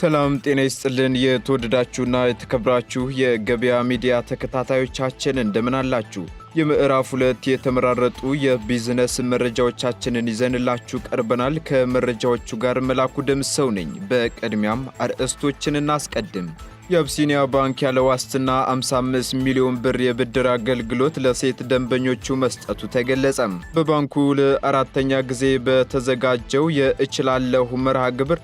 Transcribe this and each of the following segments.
ሰላም ጤና ይስጥልን። የተወደዳችሁና የተከብራችሁ የገበያ ሚዲያ ተከታታዮቻችን እንደምን አላችሁ? የምዕራፍ ሁለት የተመራረጡ የቢዝነስ መረጃዎቻችንን ይዘንላችሁ ቀርበናል። ከመረጃዎቹ ጋር መላኩ ደምሰው ነኝ። በቅድሚያም አርዕስቶችን እናስቀድም። የአብሲኒያ ባንክ ያለ ዋስትና 55 ሚሊዮን ብር የብድር አገልግሎት ለሴት ደንበኞቹ መስጠቱ ተገለጸም። በባንኩ ለአራተኛ ጊዜ በተዘጋጀው የእችላለሁ መርሃ ግብር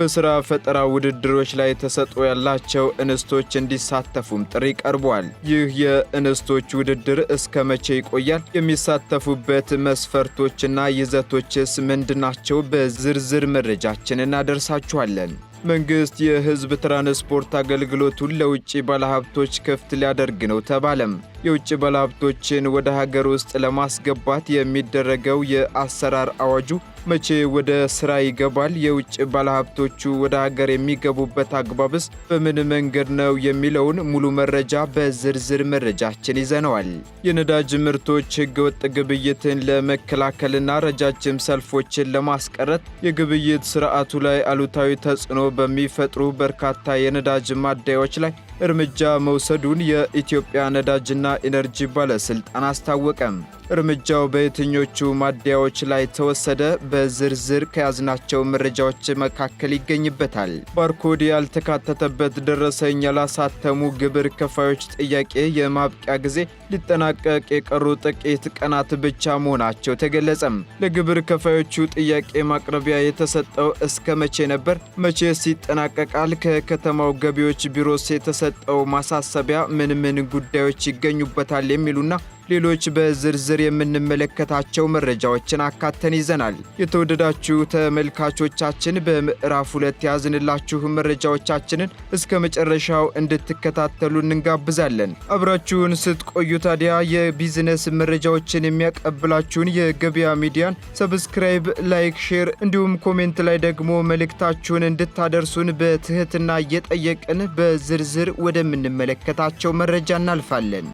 በስራ ፈጠራ ውድድሮች ላይ ተሰጥኦ ያላቸው እንስቶች እንዲሳተፉም ጥሪ ቀርቧል። ይህ የእንስቶች ውድድር እስከ መቼ ይቆያል? የሚሳተፉበት መስፈርቶችና ይዘቶችስ ምንድናቸው? በዝርዝር መረጃችን እናደርሳችኋለን። መንግስት የህዝብ ትራንስፖርት አገልግሎቱን ለውጭ ባለሀብቶች ክፍት ሊያደርግ ነው ተባለም። የውጭ ባለሀብቶችን ወደ ሀገር ውስጥ ለማስገባት የሚደረገው የአሰራር አዋጁ መቼ ወደ ስራ ይገባል? የውጭ ባለሀብቶቹ ወደ ሀገር የሚገቡበት አግባብስ በምን መንገድ ነው? የሚለውን ሙሉ መረጃ በዝርዝር መረጃችን ይዘነዋል። የነዳጅ ምርቶች ህገወጥ ግብይትን ለመከላከልና ረጃጅም ሰልፎችን ለማስቀረት የግብይት ስርዓቱ ላይ አሉታዊ ተጽዕኖ በሚፈጥሩ በርካታ የነዳጅ ማደያዎች ላይ እርምጃ መውሰዱን የኢትዮጵያ ነዳጅና ኢነርጂ ባለሥልጣን አስታወቀም። እርምጃው በየትኞቹ ማደያዎች ላይ ተወሰደ? በዝርዝር ከያዝናቸው መረጃዎች መካከል ይገኝበታል። ባርኮድ ያልተካተተበት ደረሰኝ ያላሳተሙ ግብር ከፋዮች ጥያቄ የማብቂያ ጊዜ ሊጠናቀቅ የቀሩ ጥቂት ቀናት ብቻ መሆናቸው ተገለጸም። ለግብር ከፋዮቹ ጥያቄ ማቅረቢያ የተሰጠው እስከ መቼ ነበር? መቼስ ይጠናቀቃል? ከከተማው ገቢዎች ቢሮስ የተሰጠው ማሳሰቢያ ምን ምን ጉዳዮች ይገኙበታል? የሚሉና ሌሎች በዝርዝር የምንመለከታቸው መረጃዎችን አካተን ይዘናል። የተወደዳችሁ ተመልካቾቻችን በምዕራፍ ሁለት ያዝንላችሁ መረጃዎቻችንን እስከ መጨረሻው እንድትከታተሉ እንጋብዛለን። አብራችሁን ስትቆዩ ታዲያ የቢዝነስ መረጃዎችን የሚያቀብላችሁን የገበያ ሚዲያን ሰብስክራይብ፣ ላይክ፣ ሼር እንዲሁም ኮሜንት ላይ ደግሞ መልእክታችሁን እንድታደርሱን በትህትና እየጠየቅን በዝርዝር ወደምንመለከታቸው መረጃ እናልፋለን።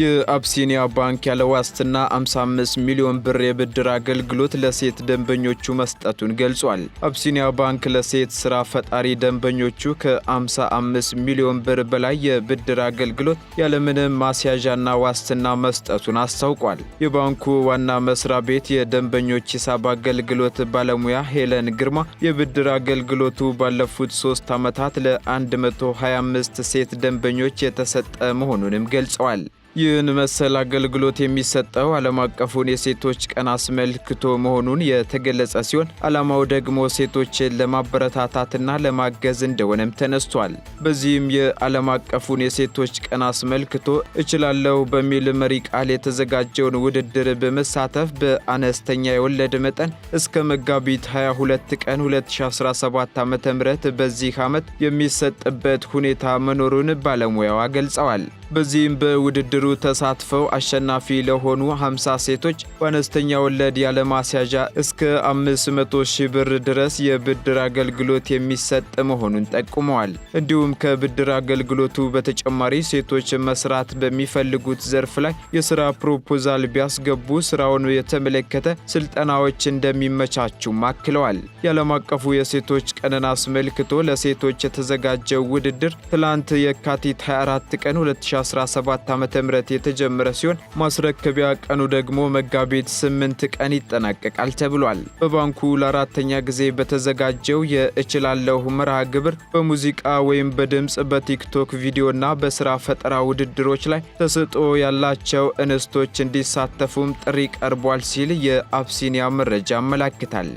የአብሲኒያ ባንክ ያለ ዋስትና 55 ሚሊዮን ብር የብድር አገልግሎት ለሴት ደንበኞቹ መስጠቱን ገልጿል። አብሲኒያ ባንክ ለሴት ስራ ፈጣሪ ደንበኞቹ ከ55 ሚሊዮን ብር በላይ የብድር አገልግሎት ያለምንም ማስያዣና ዋስትና መስጠቱን አስታውቋል። የባንኩ ዋና መስሪያ ቤት የደንበኞች ሂሳብ አገልግሎት ባለሙያ ሄለን ግርማ የብድር አገልግሎቱ ባለፉት ሶስት ዓመታት ለ125 ሴት ደንበኞች የተሰጠ መሆኑንም ገልጸዋል። ይህን መሰል አገልግሎት የሚሰጠው ዓለም አቀፉን የሴቶች ቀን አስመልክቶ መሆኑን የተገለጸ ሲሆን ዓላማው ደግሞ ሴቶችን ለማበረታታትና ለማገዝ እንደሆነም ተነስቷል። በዚህም የዓለም አቀፉን የሴቶች ቀን አስመልክቶ እችላለሁ በሚል መሪ ቃል የተዘጋጀውን ውድድር በመሳተፍ በአነስተኛ የወለድ መጠን እስከ መጋቢት 22 ቀን 2017 ዓ ም በዚህ ዓመት የሚሰጥበት ሁኔታ መኖሩን ባለሙያዋ ገልጸዋል። በዚህም በውድድሩ ተሳትፈው አሸናፊ ለሆኑ 50 ሴቶች በአነስተኛ ወለድ ያለማስያዣ እስከ 500 ሺህ ብር ድረስ የብድር አገልግሎት የሚሰጥ መሆኑን ጠቁመዋል። እንዲሁም ከብድር አገልግሎቱ በተጨማሪ ሴቶች መስራት በሚፈልጉት ዘርፍ ላይ የስራ ፕሮፖዛል ቢያስገቡ ስራውን የተመለከተ ስልጠናዎች እንደሚመቻቹም አክለዋል። የዓለም አቀፉ የሴቶች ቀንን አስመልክቶ ለሴቶች የተዘጋጀው ውድድር ትላንት የካቲት 24 ቀን 2 2017 ዓ ም የተጀመረ ሲሆን ማስረከቢያ ቀኑ ደግሞ መጋቢት 8 ቀን ይጠናቀቃል ተብሏል። በባንኩ ለአራተኛ ጊዜ በተዘጋጀው የእችላለሁ መርሃ ግብር በሙዚቃ ወይም በድምፅ በቲክቶክ ቪዲዮና በስራ ፈጠራ ውድድሮች ላይ ተሰጥኦ ያላቸው እንስቶች እንዲሳተፉም ጥሪ ቀርቧል ሲል የአብሲኒያ መረጃ አመላክታል።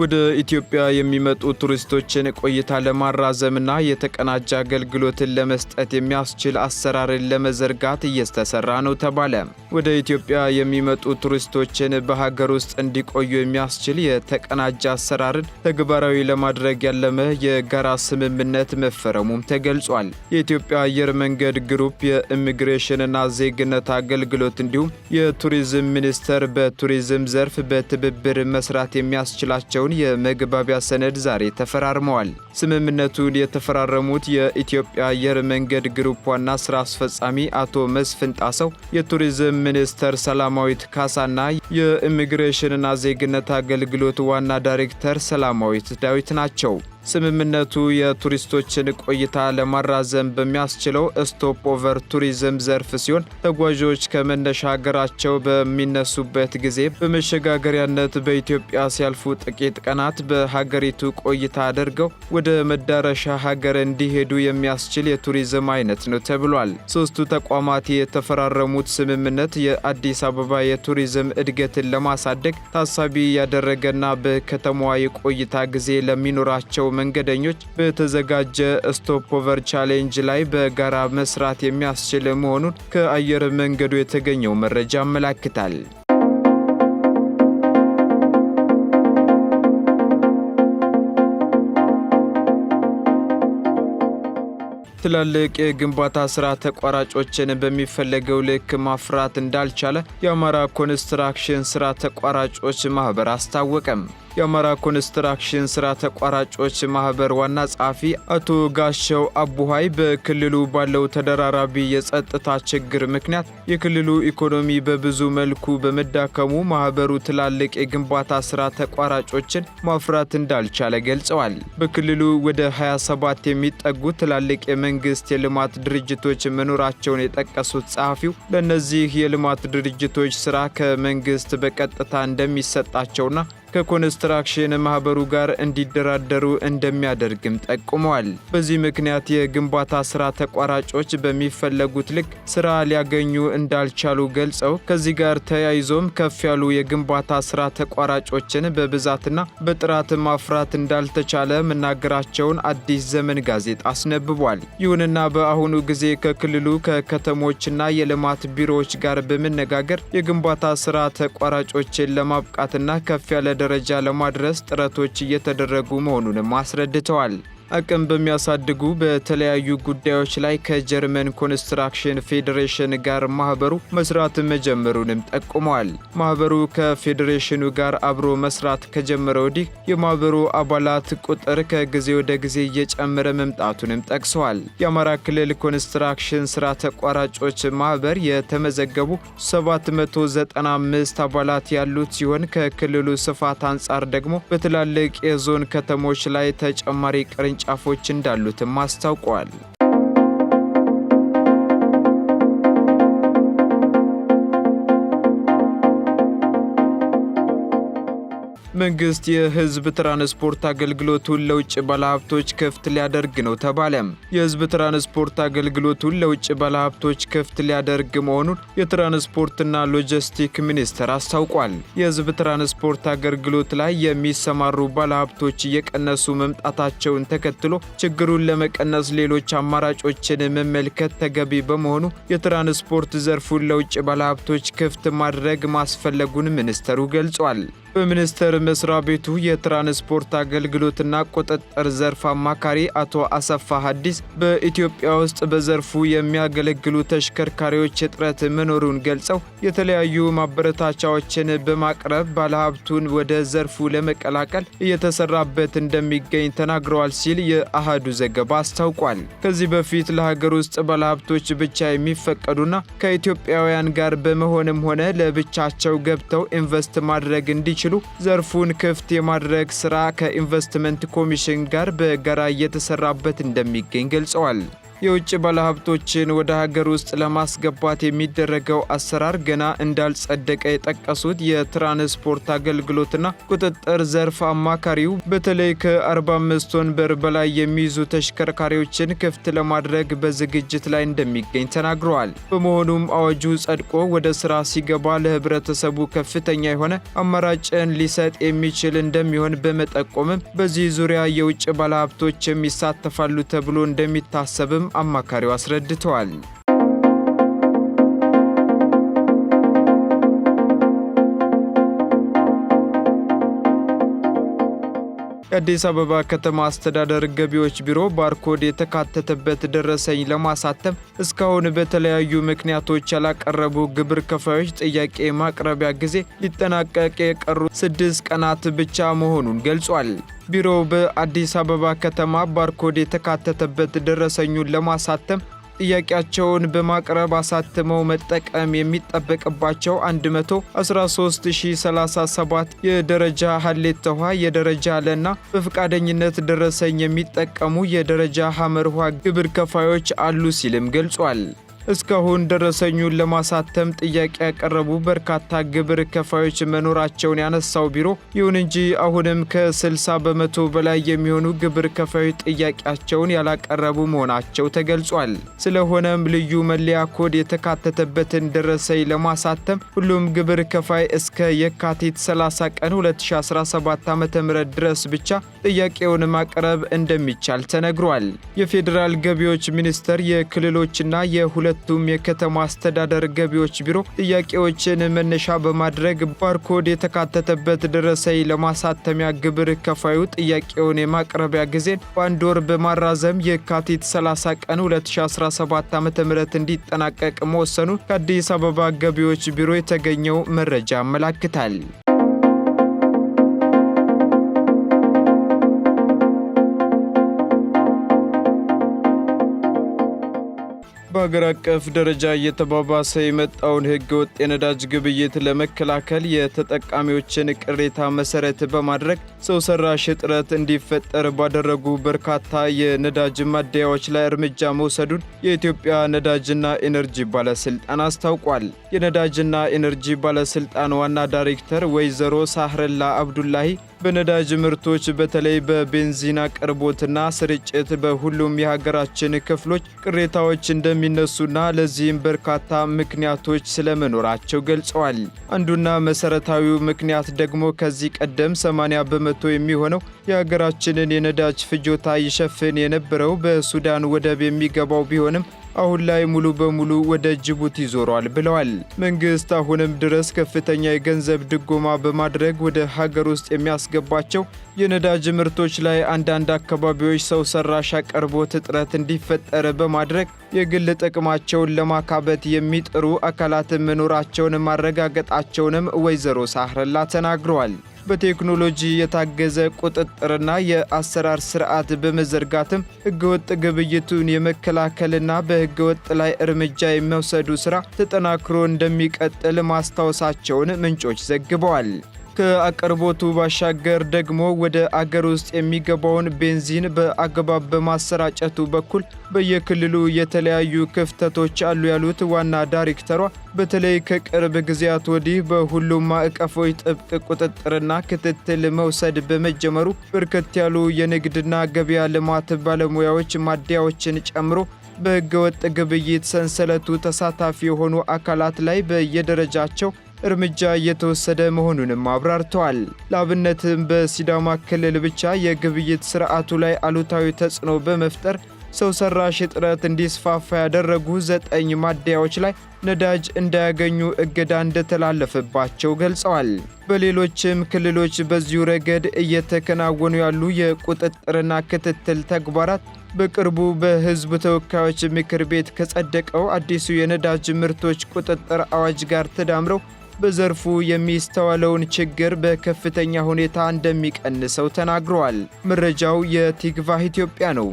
ወደ ኢትዮጵያ የሚመጡ ቱሪስቶችን ቆይታ ለማራዘምና የተቀናጀ አገልግሎትን ለመስጠት የሚያስችል አሰራርን ለመዘርጋት እየተሰራ ነው ተባለ። ወደ ኢትዮጵያ የሚመጡ ቱሪስቶችን በሀገር ውስጥ እንዲቆዩ የሚያስችል የተቀናጀ አሰራርን ተግባራዊ ለማድረግ ያለመ የጋራ ስምምነት መፈረሙም ተገልጿል። የኢትዮጵያ አየር መንገድ ግሩፕ የኢሚግሬሽንና ዜግነት አገልግሎት እንዲሁም የቱሪዝም ሚኒስቴር በቱሪዝም ዘርፍ በትብብር መስራት የሚያስችላቸው ያለውን የመግባቢያ ሰነድ ዛሬ ተፈራርመዋል። ስምምነቱን የተፈራረሙት የኢትዮጵያ አየር መንገድ ግሩፕ ዋና ስራ አስፈጻሚ አቶ መስፍን ጣሰው፣ የቱሪዝም ሚኒስተር ሰላማዊት ካሳና የኢሚግሬሽንና ዜግነት አገልግሎት ዋና ዳይሬክተር ሰላማዊት ዳዊት ናቸው። ስምምነቱ የቱሪስቶችን ቆይታ ለማራዘም በሚያስችለው ስቶፕ ኦቨር ቱሪዝም ዘርፍ ሲሆን ተጓዦች ከመነሻ ሀገራቸው በሚነሱበት ጊዜ በመሸጋገሪያነት በኢትዮጵያ ሲያልፉ ጥቂት ቀናት በሀገሪቱ ቆይታ አድርገው ወደ መዳረሻ ሀገር እንዲሄዱ የሚያስችል የቱሪዝም አይነት ነው ተብሏል። ሶስቱ ተቋማት የተፈራረሙት ስምምነት የአዲስ አበባ የቱሪዝም እድገትን ለማሳደግ ታሳቢ ያደረገና በከተማዋ የቆይታ ጊዜ ለሚኖራቸው መንገደኞች በተዘጋጀ ስቶፖቨር ቻሌንጅ ላይ በጋራ መስራት የሚያስችል መሆኑን ከአየር መንገዱ የተገኘው መረጃ አመላክታል። ትላልቅ የግንባታ ስራ ተቋራጮችን በሚፈለገው ልክ ማፍራት እንዳልቻለ የአማራ ኮንስትራክሽን ስራ ተቋራጮች ማህበር አስታወቀም። የአማራ ኮንስትራክሽን ስራ ተቋራጮች ማህበር ዋና ጸሐፊ አቶ ጋሸው አቡሃይ በክልሉ ባለው ተደራራቢ የጸጥታ ችግር ምክንያት የክልሉ ኢኮኖሚ በብዙ መልኩ በመዳከሙ ማህበሩ ትላልቅ የግንባታ ስራ ተቋራጮችን ማፍራት እንዳልቻለ ገልጸዋል። በክልሉ ወደ 27 የሚጠጉ ትላልቅ የመንግስት የልማት ድርጅቶች መኖራቸውን የጠቀሱት ጸሐፊው ለእነዚህ የልማት ድርጅቶች ስራ ከመንግስት በቀጥታ እንደሚሰጣቸውና ከኮንስትራክሽን ማህበሩ ጋር እንዲደራደሩ እንደሚያደርግም ጠቁመዋል። በዚህ ምክንያት የግንባታ ስራ ተቋራጮች በሚፈለጉት ልክ ስራ ሊያገኙ እንዳልቻሉ ገልጸው ከዚህ ጋር ተያይዞም ከፍ ያሉ የግንባታ ስራ ተቋራጮችን በብዛትና በጥራት ማፍራት እንዳልተቻለ መናገራቸውን አዲስ ዘመን ጋዜጣ አስነብቧል። ይሁንና በአሁኑ ጊዜ ከክልሉ ከከተሞችና የልማት ቢሮዎች ጋር በመነጋገር የግንባታ ስራ ተቋራጮችን ለማብቃትና ከፍ ያለ ደ ደረጃ ለማድረስ ጥረቶች እየተደረጉ መሆኑንም አስረድተዋል። አቅም በሚያሳድጉ በተለያዩ ጉዳዮች ላይ ከጀርመን ኮንስትራክሽን ፌዴሬሽን ጋር ማህበሩ መስራት መጀመሩንም ጠቁመዋል። ማህበሩ ከፌዴሬሽኑ ጋር አብሮ መስራት ከጀመረ ወዲህ የማህበሩ አባላት ቁጥር ከጊዜ ወደ ጊዜ እየጨመረ መምጣቱንም ጠቅሰዋል። የአማራ ክልል ኮንስትራክሽን ስራ ተቋራጮች ማህበር የተመዘገቡ 795 አባላት ያሉት ሲሆን ከክልሉ ስፋት አንጻር ደግሞ በትላልቅ የዞን ከተሞች ላይ ተጨማሪ ቅርን ቅርንጫፎች እንዳሉትም አስታውቋል። መንግስት የህዝብ ትራንስፖርት አገልግሎቱን ለውጭ ባለሀብቶች ክፍት ሊያደርግ ነው ተባለ። የህዝብ ትራንስፖርት አገልግሎቱን ለውጭ ባለሀብቶች ክፍት ሊያደርግ መሆኑን የትራንስፖርትና ሎጂስቲክ ሚኒስቴር አስታውቋል። የህዝብ ትራንስፖርት አገልግሎት ላይ የሚሰማሩ ባለሀብቶች እየቀነሱ መምጣታቸውን ተከትሎ ችግሩን ለመቀነስ ሌሎች አማራጮችን መመልከት ተገቢ በመሆኑ የትራንስፖርት ዘርፉን ለውጭ ባለሀብቶች ክፍት ማድረግ ማስፈለጉን ሚኒስተሩ ገልጿል። በሚኒስተር መስሪያ ቤቱ የትራንስፖርት አገልግሎትና ቁጥጥር ዘርፍ አማካሪ አቶ አሰፋ ሀዲስ በኢትዮጵያ ውስጥ በዘርፉ የሚያገለግሉ ተሽከርካሪዎች እጥረት መኖሩን ገልጸው የተለያዩ ማበረታቻዎችን በማቅረብ ባለሀብቱን ወደ ዘርፉ ለመቀላቀል እየተሰራበት እንደሚገኝ ተናግረዋል ሲል የአህዱ ዘገባ አስታውቋል። ከዚህ በፊት ለሀገር ውስጥ ባለሀብቶች ብቻ የሚፈቀዱና ከኢትዮጵያውያን ጋር በመሆንም ሆነ ለብቻቸው ገብተው ኢንቨስት ማድረግ እንዲችሉ ዘርፉ ዘርፉን ክፍት የማድረግ ስራ ከኢንቨስትመንት ኮሚሽን ጋር በጋራ እየተሰራበት እንደሚገኝ ገልጸዋል። የውጭ ባለሀብቶችን ወደ ሀገር ውስጥ ለማስገባት የሚደረገው አሰራር ገና እንዳልጸደቀ የጠቀሱት የትራንስፖርት አገልግሎትና ቁጥጥር ዘርፍ አማካሪው በተለይ ከ45 ቶን በር በላይ የሚይዙ ተሽከርካሪዎችን ክፍት ለማድረግ በዝግጅት ላይ እንደሚገኝ ተናግረዋል። በመሆኑም አዋጁ ጸድቆ ወደ ስራ ሲገባ ለህብረተሰቡ ከፍተኛ የሆነ አማራጭን ሊሰጥ የሚችል እንደሚሆን በመጠቆምም በዚህ ዙሪያ የውጭ ባለሀብቶችም ይሳተፋሉ ተብሎ እንደሚታሰብም አማካሪው አስረድተዋል። የአዲስ አበባ ከተማ አስተዳደር ገቢዎች ቢሮ ባርኮድ የተካተተበት ደረሰኝ ለማሳተም እስካሁን በተለያዩ ምክንያቶች ያላቀረቡ ግብር ከፋዮች ጥያቄ ማቅረቢያ ጊዜ ሊጠናቀቅ የቀሩ ስድስት ቀናት ብቻ መሆኑን ገልጿል። ቢሮው በአዲስ አበባ ከተማ ባርኮድ የተካተተበት ደረሰኙን ለማሳተም ጥያቄያቸውን በማቅረብ አሳትመው መጠቀም የሚጠበቅባቸው 113037 የደረጃ ሀሌት ውሃ የደረጃ ለና በፈቃደኝነት ደረሰኝ የሚጠቀሙ የደረጃ ሐመር ውሃ ግብር ከፋዮች አሉ ሲልም ገልጿል። እስካሁን ደረሰኙን ለማሳተም ጥያቄ ያቀረቡ በርካታ ግብር ከፋዮች መኖራቸውን ያነሳው ቢሮ፣ ይሁን እንጂ አሁንም ከ60 በመቶ በላይ የሚሆኑ ግብር ከፋዮች ጥያቄያቸውን ያላቀረቡ መሆናቸው ተገልጿል። ስለሆነም ልዩ መለያ ኮድ የተካተተበትን ደረሰኝ ለማሳተም ሁሉም ግብር ከፋይ እስከ የካቲት 30 ቀን 2017 ዓ.ም ድረስ ብቻ ጥያቄውን ማቅረብ እንደሚቻል ተነግሯል። የፌዴራል ገቢዎች ሚኒስቴር የክልሎችና የሁለ የሁለቱም የከተማ አስተዳደር ገቢዎች ቢሮ ጥያቄዎችን መነሻ በማድረግ ባርኮድ የተካተተበት ደረሰኝ ለማሳተሚያ ግብር ከፋዩ ጥያቄውን የማቅረቢያ ጊዜን በአንድ ወር በማራዘም የካቲት 30 ቀን 2017 ዓ ም እንዲጠናቀቅ መወሰኑ ከአዲስ አበባ ገቢዎች ቢሮ የተገኘው መረጃ አመላክታል። በሀገር አቀፍ ደረጃ እየተባባሰ የመጣውን ህገወጥ ወጥ የነዳጅ ግብይት ለመከላከል የተጠቃሚዎችን ቅሬታ መሰረት በማድረግ ሰው ሰራሽ እጥረት እንዲፈጠር ባደረጉ በርካታ የነዳጅ ማደያዎች ላይ እርምጃ መውሰዱን የኢትዮጵያ ነዳጅና ኤነርጂ ባለስልጣን አስታውቋል። የነዳጅና ኤነርጂ ባለስልጣን ዋና ዳይሬክተር ወይዘሮ ሳህረላ አብዱላሂ በነዳጅ ምርቶች በተለይ በቤንዚን አቅርቦትና ስርጭት በሁሉም የሀገራችን ክፍሎች ቅሬታዎች እንደሚነሱና ለዚህም በርካታ ምክንያቶች ስለመኖራቸው ገልጸዋል። አንዱና መሰረታዊው ምክንያት ደግሞ ከዚህ ቀደም 80 በመቶ የሚሆነው የሀገራችንን የነዳጅ ፍጆታ ይሸፍን የነበረው በሱዳን ወደብ የሚገባው ቢሆንም አሁን ላይ ሙሉ በሙሉ ወደ ጅቡቲ ዞሯል ብለዋል። መንግስት አሁንም ድረስ ከፍተኛ የገንዘብ ድጎማ በማድረግ ወደ ሀገር ውስጥ የሚያስገባቸው የነዳጅ ምርቶች ላይ አንዳንድ አካባቢዎች ሰው ሰራሽ አቅርቦት እጥረት እንዲፈጠር በማድረግ የግል ጥቅማቸውን ለማካበት የሚጥሩ አካላት መኖራቸውን ማረጋገጣቸውንም ወይዘሮ ሳህረላ ተናግረዋል። በቴክኖሎጂ የታገዘ ቁጥጥርና የአሰራር ስርዓት በመዘርጋትም ህገወጥ ግብይቱን የመከላከልና በህገወጥ ላይ እርምጃ የሚወሰዱ ስራ ተጠናክሮ እንደሚቀጥል ማስታወሳቸውን ምንጮች ዘግበዋል። ከአቅርቦቱ ባሻገር ደግሞ ወደ አገር ውስጥ የሚገባውን ቤንዚን በአግባብ በማሰራጨቱ በኩል በየክልሉ የተለያዩ ክፍተቶች አሉ ያሉት ዋና ዳይሬክተሯ በተለይ ከቅርብ ጊዜያት ወዲህ በሁሉም ማዕቀፎች ጥብቅ ቁጥጥርና ክትትል መውሰድ በመጀመሩ በርከት ያሉ የንግድና ገበያ ልማት ባለሙያዎች ማደያዎችን ጨምሮ በህገወጥ ግብይት ሰንሰለቱ ተሳታፊ የሆኑ አካላት ላይ በየደረጃቸው እርምጃ እየተወሰደ መሆኑንም አብራርተዋል። ለአብነትም በሲዳማ ክልል ብቻ የግብይት ስርዓቱ ላይ አሉታዊ ተጽዕኖ በመፍጠር ሰው ሰራሽ እጥረት እንዲስፋፋ ያደረጉ ዘጠኝ ማደያዎች ላይ ነዳጅ እንዳያገኙ እገዳ እንደተላለፈባቸው ገልጸዋል። በሌሎችም ክልሎች በዚሁ ረገድ እየተከናወኑ ያሉ የቁጥጥርና ክትትል ተግባራት በቅርቡ በሕዝብ ተወካዮች ምክር ቤት ከጸደቀው አዲሱ የነዳጅ ምርቶች ቁጥጥር አዋጅ ጋር ተዳምረው በዘርፉ የሚስተዋለውን ችግር በከፍተኛ ሁኔታ እንደሚቀንሰው ተናግረዋል። መረጃው የቲግቫህ ኢትዮጵያ ነው።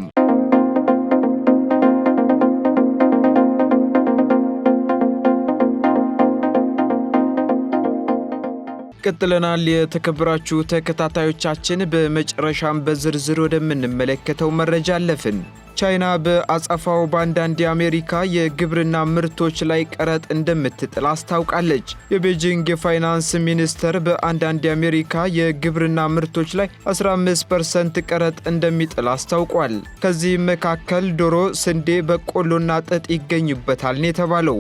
ቀጥለናል የተከበራችሁ ተከታታዮቻችን፣ በመጨረሻም በዝርዝር ወደምንመለከተው መረጃ አለፍን። ቻይና በአጸፋው በአንዳንድ የአሜሪካ የግብርና ምርቶች ላይ ቀረጥ እንደምትጥል አስታውቃለች። የቤጂንግ የፋይናንስ ሚኒስተር በአንዳንድ የአሜሪካ የግብርና ምርቶች ላይ 15 ፐርሰንት ቀረጥ እንደሚጥል አስታውቋል። ከዚህም መካከል ዶሮ፣ ስንዴ፣ በቆሎና ጥጥ ይገኙበታል ነው የተባለው።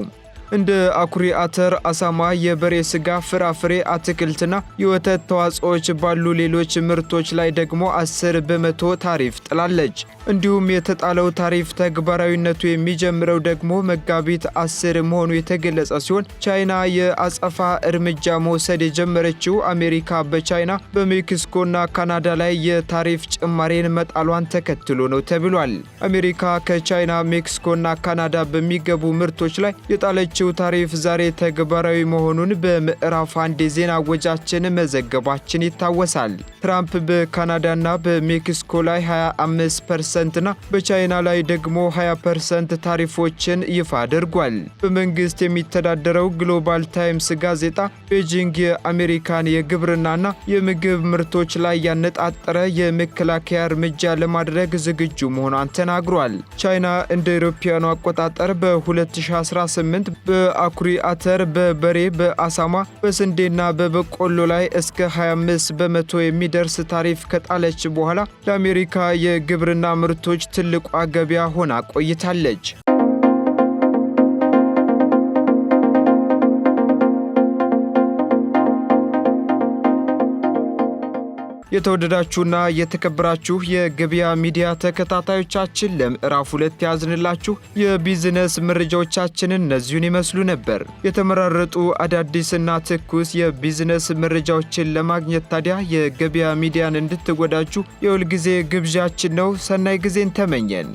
እንደ አኩሪ አተር፣ አሳማ፣ የበሬ ስጋ፣ ፍራፍሬ፣ አትክልትና የወተት ተዋጽዎች ባሉ ሌሎች ምርቶች ላይ ደግሞ 10 በመቶ ታሪፍ ጥላለች። እንዲሁም የተጣለው ታሪፍ ተግባራዊነቱ የሚጀምረው ደግሞ መጋቢት 10 መሆኑ የተገለጸ ሲሆን ቻይና የአጸፋ እርምጃ መውሰድ የጀመረችው አሜሪካ በቻይና በሜክሲኮና ካናዳ ላይ የታሪፍ ጭማሬን መጣሏን ተከትሎ ነው ተብሏል። አሜሪካ ከቻይና ሜክሲኮና ካናዳ በሚገቡ ምርቶች ላይ የጣለችው ያወጣችው ታሪፍ ዛሬ ተግባራዊ መሆኑን በምዕራፍ አንድ የዜና ወጃችን መዘገባችን ይታወሳል። ትራምፕ በካናዳና በሜክሲኮ ላይ 25 ፐርሰንትና በቻይና ላይ ደግሞ 20 ፐርሰንት ታሪፎችን ይፋ አድርጓል። በመንግስት የሚተዳደረው ግሎባል ታይምስ ጋዜጣ ቤጂንግ የአሜሪካን የግብርናና የምግብ ምርቶች ላይ ያነጣጠረ የመከላከያ እርምጃ ለማድረግ ዝግጁ መሆኗን ተናግሯል። ቻይና እንደ ኢሮፓውያኑ አቆጣጠር በ2018 በአኩሪ አተር፣ በበሬ፣ በአሳማ፣ በስንዴና በበቆሎ ላይ እስከ 25 በመቶ የሚደርስ ታሪፍ ከጣለች በኋላ ለአሜሪካ የግብርና ምርቶች ትልቋ ገበያ ሆና ቆይታለች። የተወደዳችሁና የተከበራችሁ የገበያ ሚዲያ ተከታታዮቻችን ለምዕራፍ ሁለት ያዝንላችሁ የቢዝነስ መረጃዎቻችንን እነዚሁን ይመስሉ ነበር። የተመራረጡ አዳዲስና ትኩስ የቢዝነስ መረጃዎችን ለማግኘት ታዲያ የገበያ ሚዲያን እንድትወዳጁ የሁልጊዜ ግብዣችን ነው። ሰናይ ጊዜን ተመኘን።